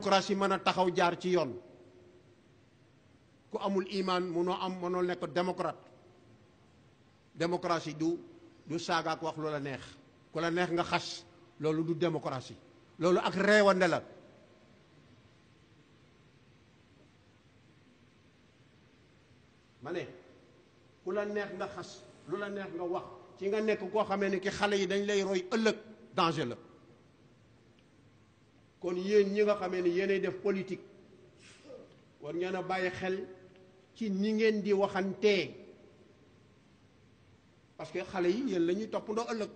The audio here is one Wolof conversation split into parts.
démocratie mën a taxaw jaar ci yoon ku amul imaan mënoo am mënoo nekk démocrate démocratie du du saaga ak wax lu la neex ku la neex nga xas loolu du démocratie loolu ak reewande la ma ne ku la neex nga xas lu la neex nga wax ci nga nekk koo xamee ni ki xale yi dañ lay roy ëllëg danger la kon yéen ñi nga xamee ne yéenay def politique war ngeen a bàyyi xel ci ñi ngeen di waxantee parce que xale yi yéen la ñuy toppandoo ëllëg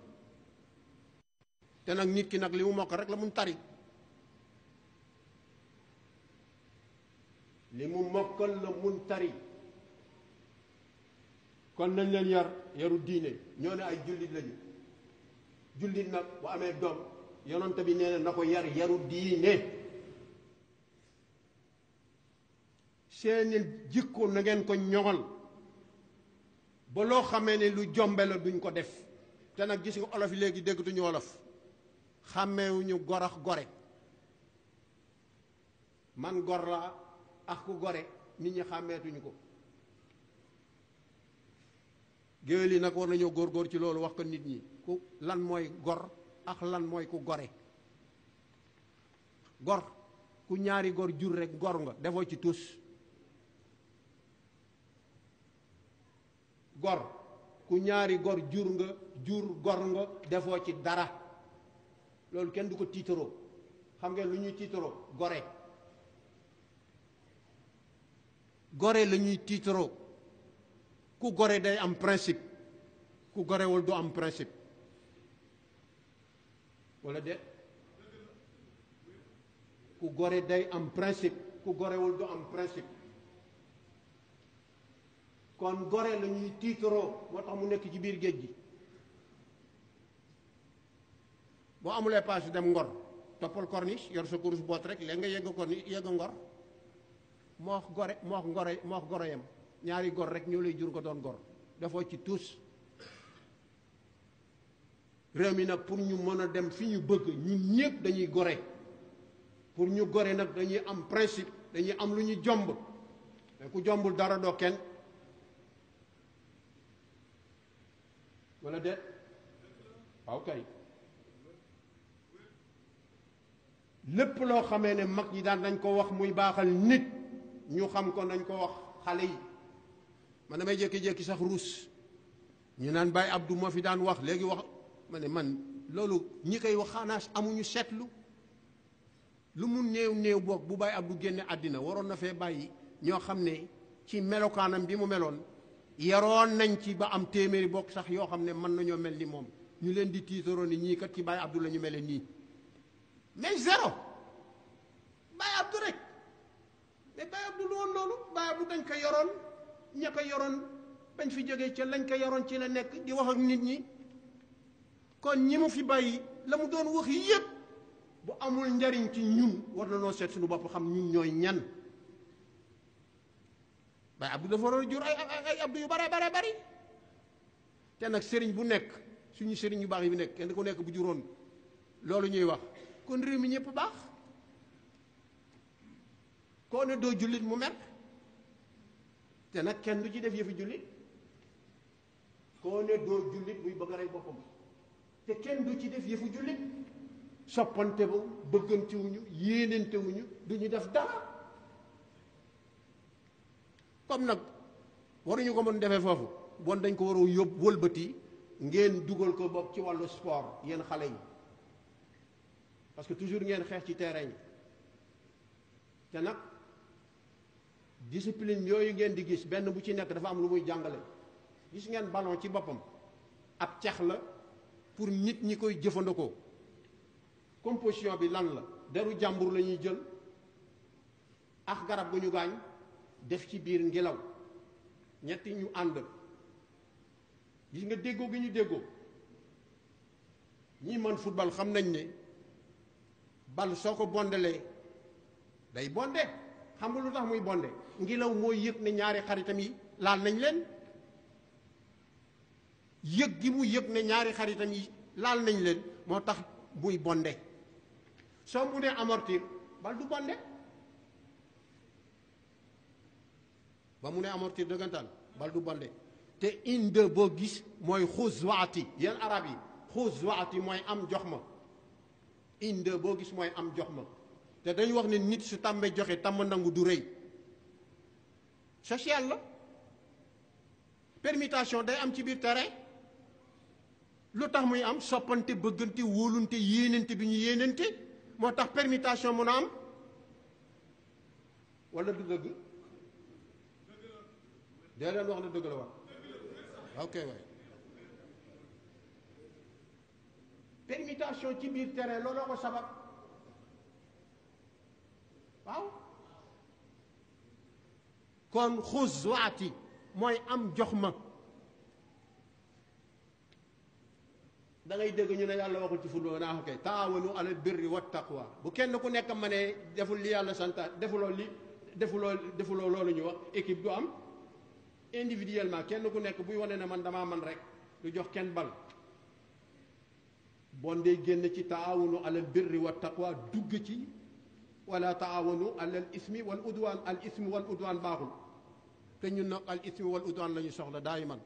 te nag nit ki nag li mu mokk rek la mun tari li mu mokkal la mun tari kon nañ leen yar yaru diine ñoo ne ay jullit lañu jullit nag bu amee doom yonent bi nee na ko yar yaru diine seeni jikko na ngeen ko ñoŋal ba loo xamee ne lu jombe la duñ ko def te nag gis olof yi léegi déggatuñu olof xàmmewuñu gor ak gore man gor la ak ku gore nit ñi xàmmeetuñu ko géwél yi nag war nañoo góor góor ci loolu wax ko nit ñi ku lan mooy gor ak lan mooy ku gore gor ku ñaari gor jur rekk gor nga defoo ci tus gor ku ñaari gor jur nga jur gor nga defoo ci dara loolu kenn du ko tiitaroo xam ngeen lu ñuy tiitaroo gore gore la ñuy tiitaroo ku gore day am principe ku gorewul du am principe wala de ku gore day am principe ku gorewul du am principe kon gore la ñuy tiitaroo moo tax mu nekk ci biir géej gi boo amulee paas dem ngor toppal corniche yor sa kurus boot rek léegi nga yegg corniche yegg ngor moox gore moox ngor moox goro yam ñaari gor rek ñëw lay jur ko doon gor dafoo ci tuus réew mi nag pour ñu mën a dem fi ñu bëgg ñun ñëpp dañuy gore pour ñu gore nag dañuy am principe dañuy am lu ñu jomb mais ku jombul dara doo kenn wala de waaw kay lépp loo xamee ne mag ñi daan dañ ko wax muy baaxal nit ñu xam ko nañ ko wax xale yi man damay jékki-jékki sax ruus ñu naan Baye Abdou moo fi daan wax léegi wax ma man loolu ñi koy wax xanaa amuñu seetlu lu mu néew néew boobu bu bàyyi Abdou génne àddina waroon na fee bàyyi ñoo xam ne ci melokaanam bi mu meloon yaroon nañ ci ba am téeméeri bokk sax yoo xam ne mën nañoo mel ni moom ñu leen di tiitaroo ni ñii kat ci bàyyi Abdou la ñu mele nii mais zéro bàyyi Abdou rek mais bàyyi Abdou lu woon loolu bàyyi Abdou dañ ko yoroon ña ko yoroon bañ fi jógee ca lañ ko yoroon ci la nekk di wax ak nit ñi kon ñi mu fi bàyyi la mu doon wax yépp bu amul njariñ ci ñun war na noo seet suñu bopp xam ñun ñooy ñan bay abdu dafa waroon jur ay ay abdu yu bare bare bari te nag sëriñ bu nekk suñu sëriñ yu baax yi nekk kenn ku nekk bu juróon loolu ñuy wax kon réew mi ñëpp baax koo ne doo jullit mu mer te nag kenn du ci def yëfi jullit koo ne doo jullit muy bëgg a boppam te kenn du ci def yëfu jullit soppante bu bëggantewuñu yéenantewuñu du ñu def dara comme nag waruñu ko mën defee foofu bon dañ ko waroo yóbbu wëlbati ngeen dugal ko bopp ci wàllu sport yéen xale yi parce que toujours ngeen xeex ci terrain yi te nag discipline yooyu ngeen di gis benn bu ci nekk dafa am lu muy jàngale gis ngeen ballon ci boppam ab cex la pour nit ñi koy jëfandikoo composition bi lan la deru jàmbur la ñuy jël ak garab gu ñu gaañ def ci biir ngelaw ñetti ñu àndal gis nga déggoo gi ñu déggoo ñi mën football xam nañ ne bal soo ko bondelee day bonde xam nga lu tax muy bonde ngelaw mooy yëg ne ñaari xaritam yi laal nañ leen yëg gi mu yëg ne ñaari xaritam yi laal nañ leen moo tax buy bonde soo mu ne amortir bal du bonde ba mu ne amortir dëggantaan bal du bonde te inde boo gis mooy xuus waati yéen arab yi xuus waati mooy am jox ma inde boo gis mooy am jox ma te dañu wax ne nit su tàmbee joxe tàmm nangu du rëy social la permutation day am ci biir terrain lu tax muy am soppante bëggante wóolunte yéenante bi ñu yéenante moo tax permutation mu a am wala du dëgg dee leen wax lu dëgg la wax ok waay ci biir terrain looloo ko sabab waaw kon xus waati mooy am jox ma da ngay dégg ñu ne yàlla waxul ci fuddoo naa ko kay taawanu alal birri wat taqwa bu kenn ku nekk ma ne deful li yàlla santa defuloo li defuloo defuloo loolu ñu wax équipe du am individuellement kenn ku nekk buy wane ne man damaa man rek du jox kenn bal bon de génn ci taawanu alal birri wat taqwa dugg ci wala taawanu alal ismi wal udwaan al ismi wan udwaan baaxul te ñun nag al ismi wal udwaan la soxla soxla man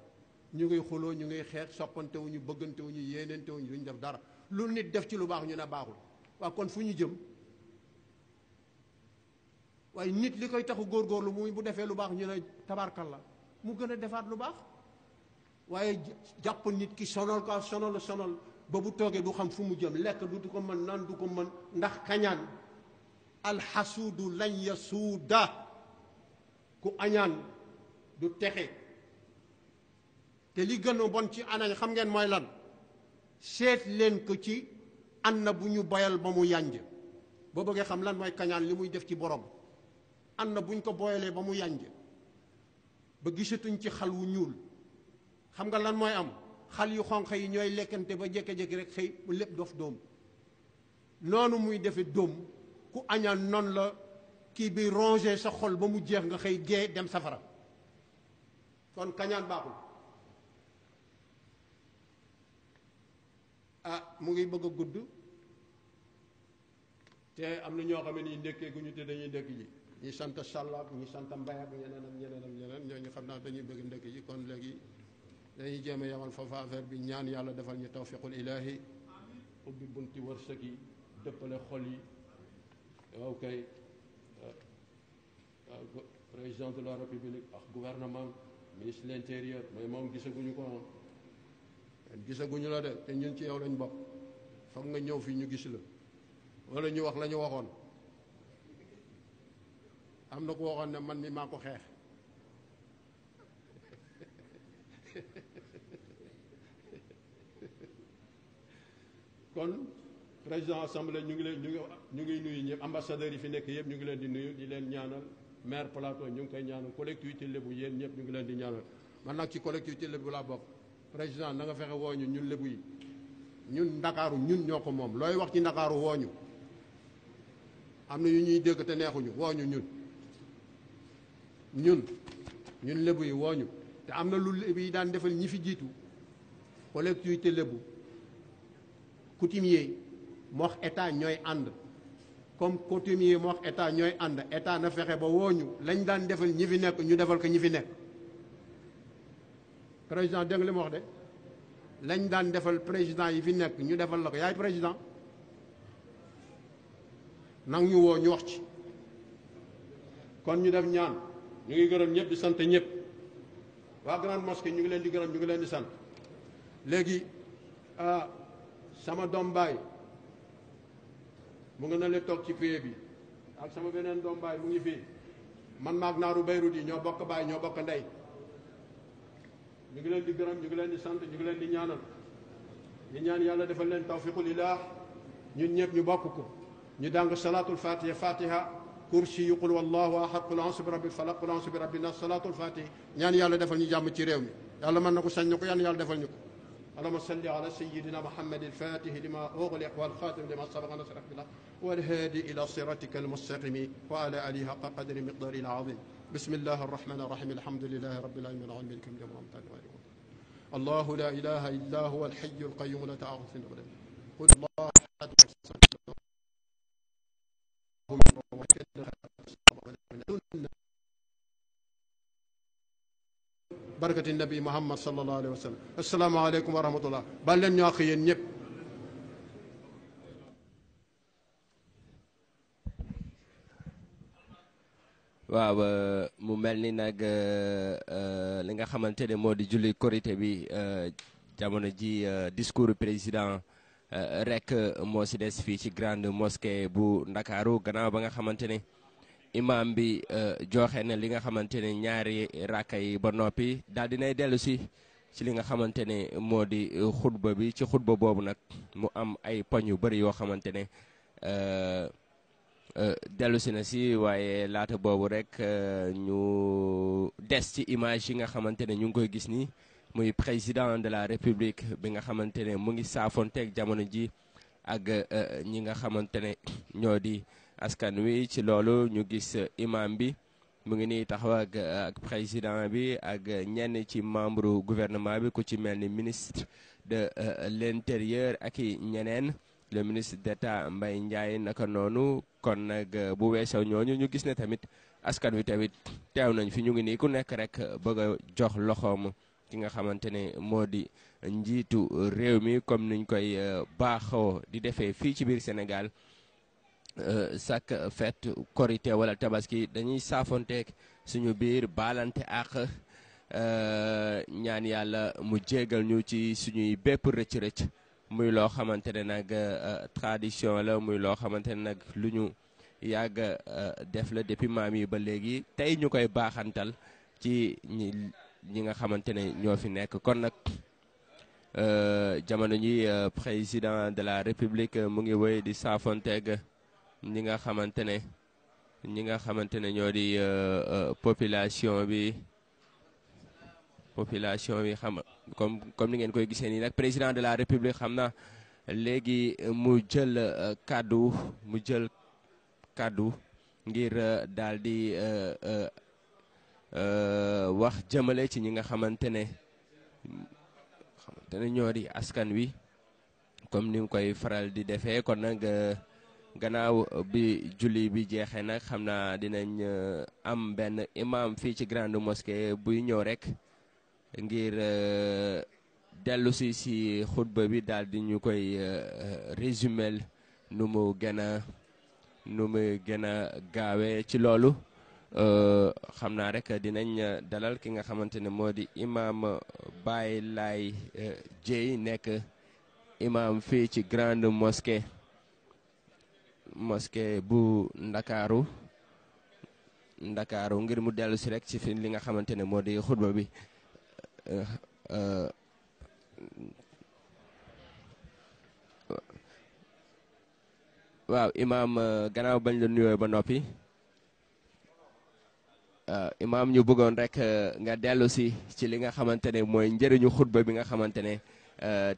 ñu ngay xuloo ñu ngay xeex soppantewuñu bëggantewuñu yéenantewuñu ñu def dara lu nit def ci lu baax ñu ne baaxul waaw kon fu ñu jëm waaye nit li koy taxu góorgóorlu muy bu defee lu baax ñu ne la mu gën a defaat lu baax waaye jàpp nit ki sonal ko sonal sonal ba bu toogee du xam fu mu jëm lekk du ko mën naan du ko mën ndax kañaan alxasuudu lañ ya yasuuda ku añaan du texe te li gën bon ci ana xam ngeen mooy lan seet leen ko ci an na bu ñu boyal ba mu yànj boo bëggee xam lan mooy kañaan li muy def ci borom an na bu ñu ko boyalee ba mu yànj ba gisatuñ ci xal wu ñuul xam nga lan mooy am xal yu xonq yi ñooy lekkante ba jékki-jékki rek xëy mu lépp dof doom noonu muy defe doom ku añaan noonu la kii bi rongé sa xol ba mu jeex nga xëy gee dem safara kon kañaan baaxul ah mu ngi bëgg a gudd te am na ñoo xam ne nii ndékkee ñu te dañuy ndékk ji ñi sant sàllaak ñi sant mbay ak ñeneen ak ñeneen ak ñeneen xam naa dañuy bëgg ndékk ji kon léegi dañuy jéem a yamal foofu affaire bi ñaan yàlla defal ñu tawfiqul ilaahi ubbi bunti wërsëg yi dëppale xol yi waaw ah, kay ah, ah, président de la république ak gouvernement ministre l'intérieur mais moom gisaguñu ko gisaguñu la de te ñun ci yow lañu bokk foog nga ñëw fii ñu gis la wala ñu wax lañu waxoon am na ko waxoon ne man mi maa ko xeex kon président assemblée ñu ngi leen ñu ngi ñu ngi nuyu ñëpp ambassadeurs yi fi nekk yëpp ñu ngi leen di nuyu di leen ñaanal maire plateau ñu ngi koy ñaanal collectivité lébu yéen ñëpp ñu ngi leen di ñaanal man nag ci collectivité lébu laa bokk président na nga fexe woo ñu ñun lébu yi ñun ndakaaru ñun ñoo ko moom looy wax ci ndakaaru woo ñu am na yu ñuy dégg te neexuñu wooñu ñu ñun ñun ñun lébu yi woo te am na lu lébu yi daan defal ñi fi jiitu collectivité lébu coutumier moox état ñooy ànd comme coutumier moox état ñooy ànd état na fexe ba wooñu lañ daan defal ñi fi nekk ñu defal ko ñi fi nekk président dégg li ma wax de lañ daan defal président yi fi nekk ñu defal la ko yaay président nang ñu woo ñu wax ci kon ñu def ñaan ñu ngi gërëm ñëpp di sant ñëpp waa grande mosquée ñu ngi leen di gërëm ñu ngi leen di sant léegi ah, sama doom baay mu ngi na le toog ci pie bi ak sama beneen doom baay mu ngi fii man maag naaru Bayrut yi ñoo bokk baay ñoo bokk ndey ñu ngi leen di gërëm ñu ngi leen di sant ñu ngi leen di ñaanal ñu ñaan yàlla defal leen tawfiqul ilaah ñun ñëpp ñu bokk ko ñu dàng salaatul fatiha fatiha kursi yu qul wallahu ahad qul ansu bi rabbil falaq qul ansu bi rabbin nas salaatul fatiha ñaan yàlla defal ñu jàmm ci réew mi yàlla mën na ko sañ na ko yan yàlla defal ñu ko اللهم صل على سيدنا محمد الفاتح لما أغلق والخاتم لما سبق نصر بالله والهادي إلى صراطك المستقيم وعلى آله حق قدر مقدار العظيم بسم الله الرحمن الرحيم الحمد لله رب العالمين العالمين كم يوم رمضان الله لا إله إلا هو الحي القيوم لا تأخذ سنة ولا قل الله أحد بركة النبي محمد صلى الله عليه وسلم السلام عليكم ورحمة الله بل لن يأخي ñépp waaw mu mel ni nag euh, euh, li nga xamante ne moo di julli korite bi euh, jamono ji discours président rek moo si des fii ci grande mosquée bu ndakaaru gannaaw ba nga xamante ne imam bi joxe na li nga xamante ne ñaari rakka yi ba noppi daal dinay dellu si ci li nga xamante ne moo di xutba bi ci xutba boobu nag mu am ay poñ yu bëri yoo xamante ne Euh, dellu si na si waaye laata boobu rek euh, ñu des ci image yi nga xamante ne ñu ngi koy gis nii muy président de la république bi nga xamante ne mu ngi saafonteeg jamono ji ak euh, ñi nga xamante ne ñoo di askan wi ci loolu ñu gis imam bi mu ngi nii taxaw ak ak président bi ak ñenn ci membre gouvernement bi ku ci mel ni ministre de l'intérieur ak i ñeneen le ministre d'État mbay Ndiaye naka noonu kon nag euh, bu weesoo ñooñu ñu gis ne tamit askan wi tamit teew nañ fi ñu ngi nii ku nekk rek bëgg a jox loxoom ki nga xamante ne moo di njiitu réew mi comme niñ koy euh, baaxoo di defee fii ci biir senegal euh, chaque fet korité wala tabaski dañuy saafonteek suñu biir balante àq ñaan yàlla mu jégal ñu ci suñuy bépp rëcc-rëcc muy loo xamante ne nag euh, tradition la muy loo xamante ne nag lu ñu yàgg euh, def la depuis yi ba léegi tey ñu koy baaxantal ci ñi ñi nga xamante ne ñoo fi nekk kon nag euh, jamono ñi président de la république mu ngi wéy di saafonteeg ñi nga xamante ne ñi nga xamante ne ñoo di population bi population bi xam comme comme ni ngeen koy gisee nii nag président de la république xam na léegi mu jël euh, kàddu mu jël kàddu ngir euh, daal di euh, wax jëmale ci ñi nga xamante ne xamante ne askan wi comme ni nga koy faral di defee kon nag gannaaw bi julli bi jeexee nag xam naa dinañ am benn imam fii ci grande mosquée buy ñëw rek. ngir euh, dellu si si xutba bi daal di ñu koy euh, résumer nu mu gën a nu mu gën a gaawee ci loolu euh, xam naa rek dinañ dalal ki nga xamante ne moo di imaam Baye Laye Dieye nekk imam fii ci grande mosquée mosquée bu Ndakaaru Ndakaaru ngir mu dellu si rek ci fi li nga xamante ne moo di xutba bi Uh, waaw imaam uh, gannaaw bañ la nuyoo ba noppi uh, imaam ñu bëggoon rek nga dellu si ci li nga xamante ne mooy njëriñu xutba bi nga xamante ne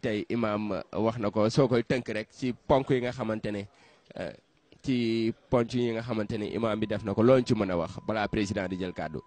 tey imaam wax na ko soo koy tënk rek ci ponk yi nga xamante ne ci ponk yi nga xamante ne imaam bi def na ko loolu ci mën a wax balaa président di jël kàddu.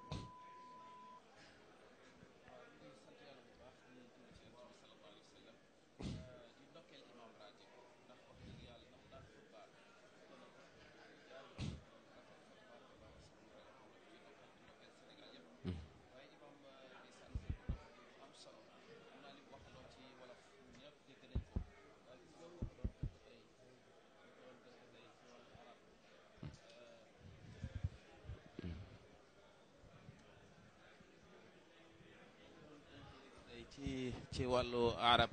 ci ci wàllu arab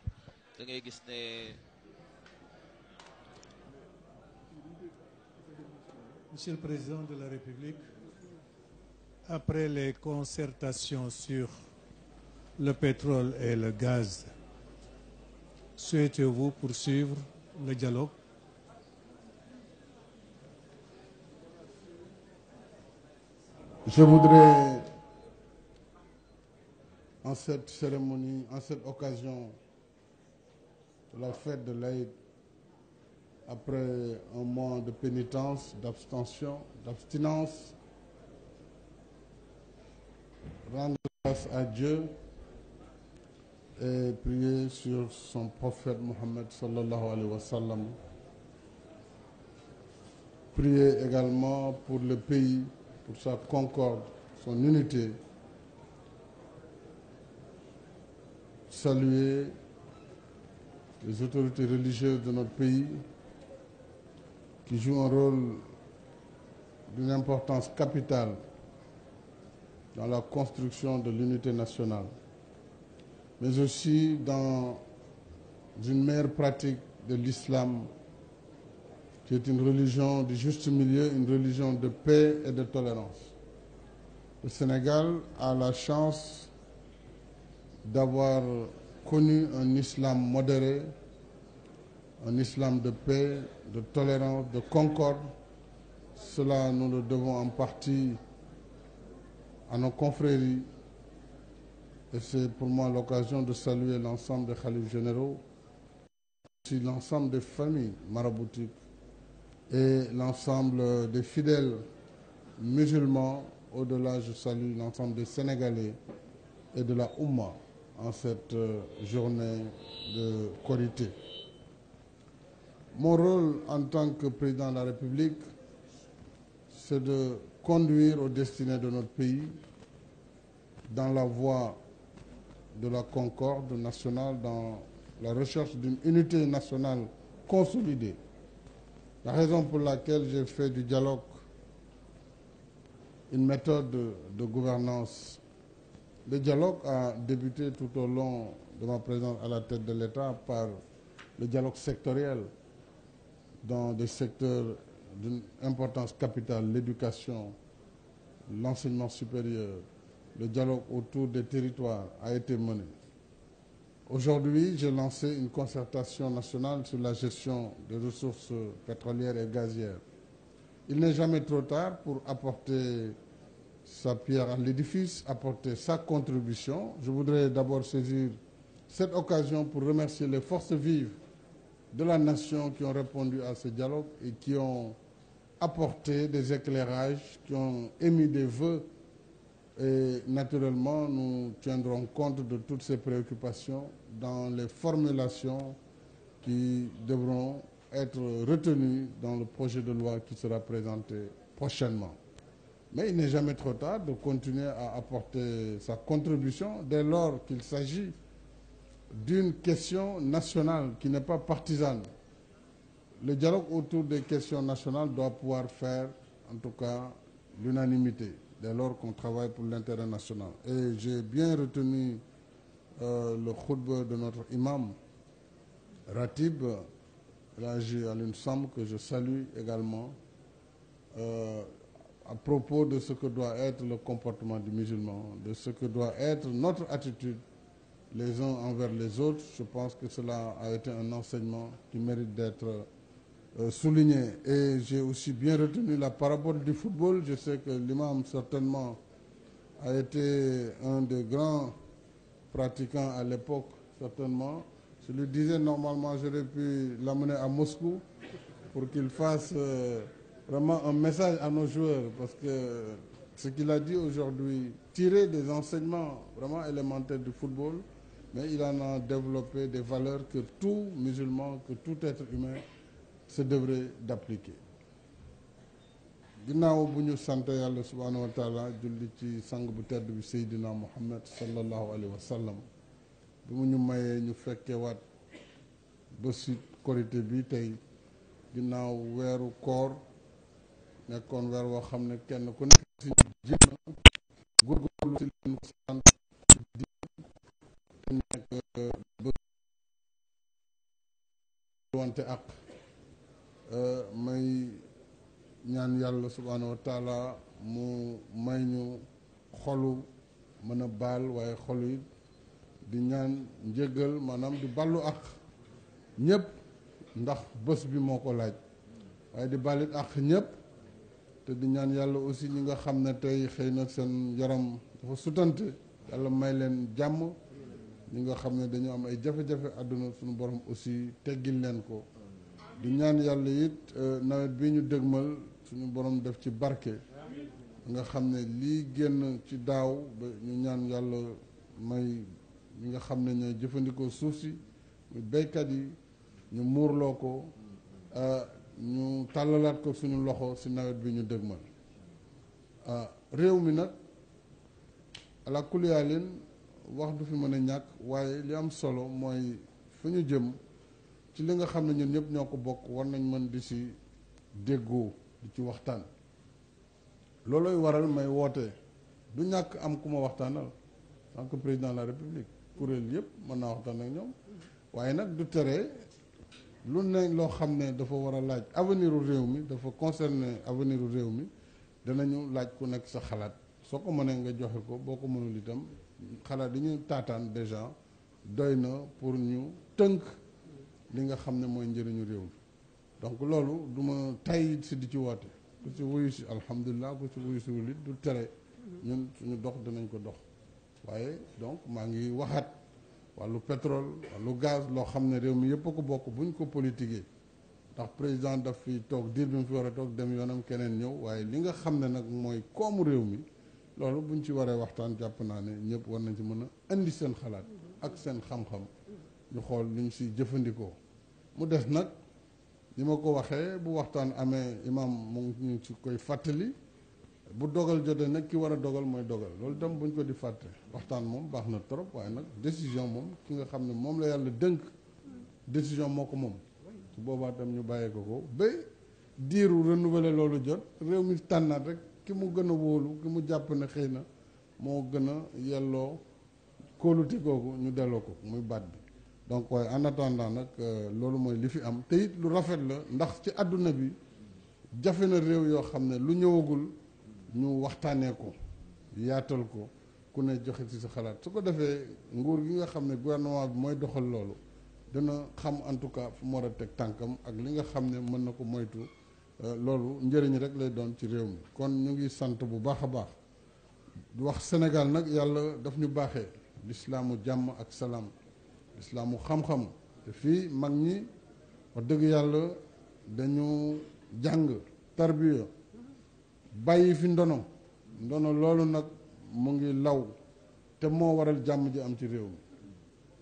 da ngay gis ne Monsieur le Président de la République, après les concertations sur le pétrole et le gaz, souhaitez-vous poursuivre le dialogue? Je voudrais en cette cérémonie, en cette occasion la fête de l'Aïd, après un mois de pénitence, d'abstention, d'abstinence, rendre grâce à Dieu et prier sur son prophète Mohammed sallallahu alayhi wa sallam. Prier également pour le pays, pour sa concorde, son unité. saluer les autorités religieuses de notre pays qui jouent un rôle d'une importance capitale dans la construction de l'unité nationale, mais aussi dans une meilleure pratique de l'islam, qui est une religion du juste milieu, une religion de paix et de tolérance. Le Sénégal a la chance d'avoir connu un islam modéré, un islam de paix, de tolérance, de concorde. Cela, nous le devons en partie à nos confréries. Et c'est pour moi l'occasion de saluer l'ensemble des khalifs généraux, aussi l'ensemble des familles maraboutiques et l'ensemble des fidèles musulmans. Au-delà, je salue l'ensemble des Sénégalais et de la Oumma. en cette euh, journée de Korité. Mon rôle en tant que président de la République, c'est de conduire aux destinées de notre pays dans la voie de la concorde nationale, dans la recherche d'une unité nationale consolidée. La raison pour laquelle j'ai fait du dialogue une méthode de gouvernance Le dialogue a débuté tout au long de ma présence à la tête de l'État par le dialogue sectoriel dans des secteurs d'une importance capitale, l'éducation, l'enseignement supérieur, le dialogue autour des territoires a été mené. Aujourd'hui, j'ai lancé une concertation nationale sur la gestion des ressources pétrolières et gazières. Il n'est jamais trop tard pour apporter sa pierre à l'édifice, apporter sa contribution. Je voudrais d'abord saisir cette occasion pour remercier les forces vives de la nation qui ont répondu à ce dialogue et qui ont apporté des éclairages, qui ont émis des vœux. Et naturellement, nous tiendrons compte de toutes ces préoccupations dans les formulations qui devront être retenues dans le projet de loi qui sera présenté prochainement. Mais il n'est jamais trop tard de continuer à apporter sa contribution dès lors qu'il s'agit d'une question nationale qui n'est pas partisane. Le dialogue autour des questions nationales doit pouvoir faire, en tout cas, l'unanimité, dès lors qu'on travaille pour l'intérêt national. Et j'ai bien retenu euh, le khutbah de notre imam, Ratib, là j'ai à que je salue également, euh, à propos de ce que doit être le comportement du musulman, de ce que doit être notre attitude les uns envers les autres. Je pense que cela a été un enseignement qui mérite d'être euh, souligné. Et j'ai aussi bien retenu la parabole du football. Je sais que l'imam certainement a été un des grands pratiquants à l'époque, certainement. Je lui disais normalement j'aurais pu l'amener à Moscou pour qu'il fasse... Euh, vraiment un message à nos joueurs parce que ce qu'il a dit aujourd'hui, tirer des enseignements vraiment élémentaires du football, mais il en a développé des valeurs que tout musulman, que tout être humain se devrait d'appliquer. ginnaaw bu ñu sant yàlla subhaanahu wa ci sang bu tedd bi Seydina Muhammad sallallahu alayhi wa bi mu ñu mayee ñu fekke waat ba si korité bi tey ginnaaw weeru koor nekkoon weer woo xam ne kenn ku nekk si jéem na góorgóorlu si leen ko sant di te euh, ak euh, may ñaan yàlla subhaanahu wa taala mu may ñu xolu mën a baal waaye xolu di ñaan njëgal maanaam di ballu ak ñëpp ndax bés bi moo ko laaj waaye di balit ak ñëpp te di ñaan yàlla aussi ñu nga xam ne tey xëy na seen yaram dafa sutante yàlla may leen jàmm ñi nga xam ne dañu am ay jafe-jafe àdduna suñu borom aussi teggil leen ko di ñaan yàlla it euh, nawet bi ñu dëgmal suñu borom def ci barke nga xam ne lii génn ci daaw ba ñu ñaan yàlla may ñi nga xam ne ñooy jëfandikoo suuf si muy béykat yi ñu muurloo ko euh, ñu tàllalaat ko suñu loxo si nawet bi ñu dëgmal ah, réew mi nag ala kuliyaalin wax du fi mën a ñàkk waaye li am solo mooy fu ñu jëm ci li nga xam ne ñun ñëpp ñoo ko bokk war nañ mën di si déggoo di ci waxtaan loolooy waral may woote du ñàkk am ku ma waxtaanal tant président la république kuréel yëpp mën naa waxtaan ak ñoom waaye nag du tere lu ne loo xam ne dafa war a laaj aveniru réew mi dafa concerner avenir u réew mi danañu laaj ku nekk sa xalaat soo ko mënee nga joxe ko boo ko mënul itam xalaat yi ñu taataan déjà doy na pour ñu tënk li nga xam ne mooy njëriñu réew mi donc loolu duma ma si di ci woote ku si wuyu si alhamdulilah ku si wuyu si wulit du tere ñun suñu dox danañ ko dox waaye donc maa ngi waxaat wàllu pétrole wàllu gaz loo xam ne réew mi yëpp a ko bokk buñ ko politiqué ndax président daf fi toog diir bi mu fi war a toog dem yoonam keneen ñëw waaye li nga xam ne nag mooy koomu réew mi loolu buñ ci waree waxtaan jàpp naa ne ñëpp war nañ ci mën a indi seen xalaat ak seen xam-xam ñu xool luñ si jëfandikoo mu des nag li ma ko waxee bu waxtaan amee imam mu ñu ci koy fàttali bu dogal jotee nag ki war a dogal mooy dogal loolu bu ñu ko di fàtte waxtaan moom baax na trop waaye nag décision moom ki nga xam ne moom la yàlla dënk décision moo ko moom su boobaa itam ñu bàyyee ko ko ba diiru renouveler loolu jot réew mi tànnaat rek ki mu gën a wóolu ki mu jàpp ne xëy na moo gën a yelloo kóoluti kooku ñu delloo ko muy baat bi donc waaye en attendant nag euh, loolu mooy li fi am te lu rafet la ndax ci àdduna bi jafe na ñu waxtaanee ko yaatal ko ku ne joxe ci sa xalaat su ko defee nguur gi nga xam ne gouvernement bi mooy doxal loolu dina xam en tout cas fu mu war a teg tànkam ak li nga xam ne mën na ko moytu euh, loolu njëriñ rek lay doon ci réew mi kon ñu ngi sant bu baax a baax wax Sénégal nag yàlla daf ñu baaxee lislaamu jàmm ak salaam lislaamu xam-xam te fii mag ñi wax dëgg yàlla dañu jàng tarbiya bàyyi fi ndono ndono loolu nag mu ngi law te moo waral jàmm ji am ci réew mi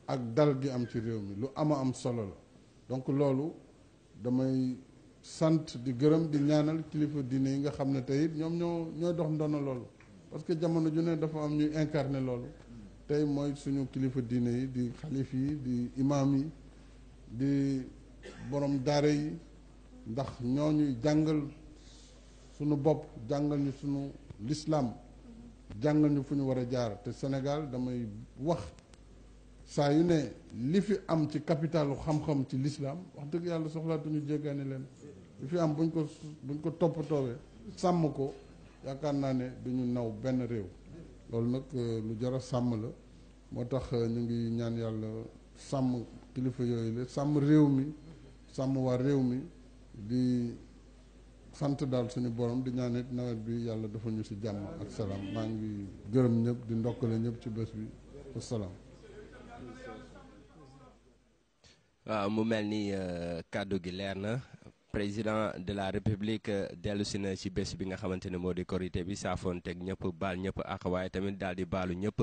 ak dal gi am ci réew mi lu ama am solo la donc loolu damay sant di gërëm di ñaanal kilifa diine yi nga xam ne tey ñoom ñoo ñoo dox ndono loolu parce que jamono ju ne dafa am ñuy incarné loolu tey mooy suñu kilifa diine yi di xalif yi di imaam yi di borom daara yi ndax ñoo ñuy jàngal sunu bopp jàngal ñu sunu lislaam jàngal ñu fu ñu war a jaar te Sénégal damay wax saa yu ne li fi am ci capitalu xam-xam ci lislaam wax dëgg yàlla soxlaatuñu jéggaani leen li fi am buñ ko buñ ko toppatoowee sàmm ko yaakaar naa ne duñu naw benn réew loolu nag euh, lu jar a sàmm la moo tax euh, ñu ngi ñaan yàlla sàmm kilifa yooyu la sàmm réew mi sàmm waa réew mi di sant daal suñu borom di ñaan nawet bi yàlla dafa ñu si jàmm ak salaam maa ngi gërëm ñëpp di ndokkale ñëpp ci bés bi wasalaam. waaw mu mel ni euh, kàddu gi leer na président de la république euh, dellu si na ci bés bi nga xamante ne moo di korité bi saafoonteeg ñëpp baal ñëpp ak waaye tamit daal di baalu ñëpp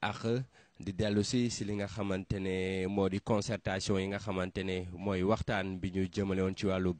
ak di dellu si si li nga xamante ne moo di concertation yi nga xamante ne mooy waxtaan bi ñu jëmalewoon ci wàllu.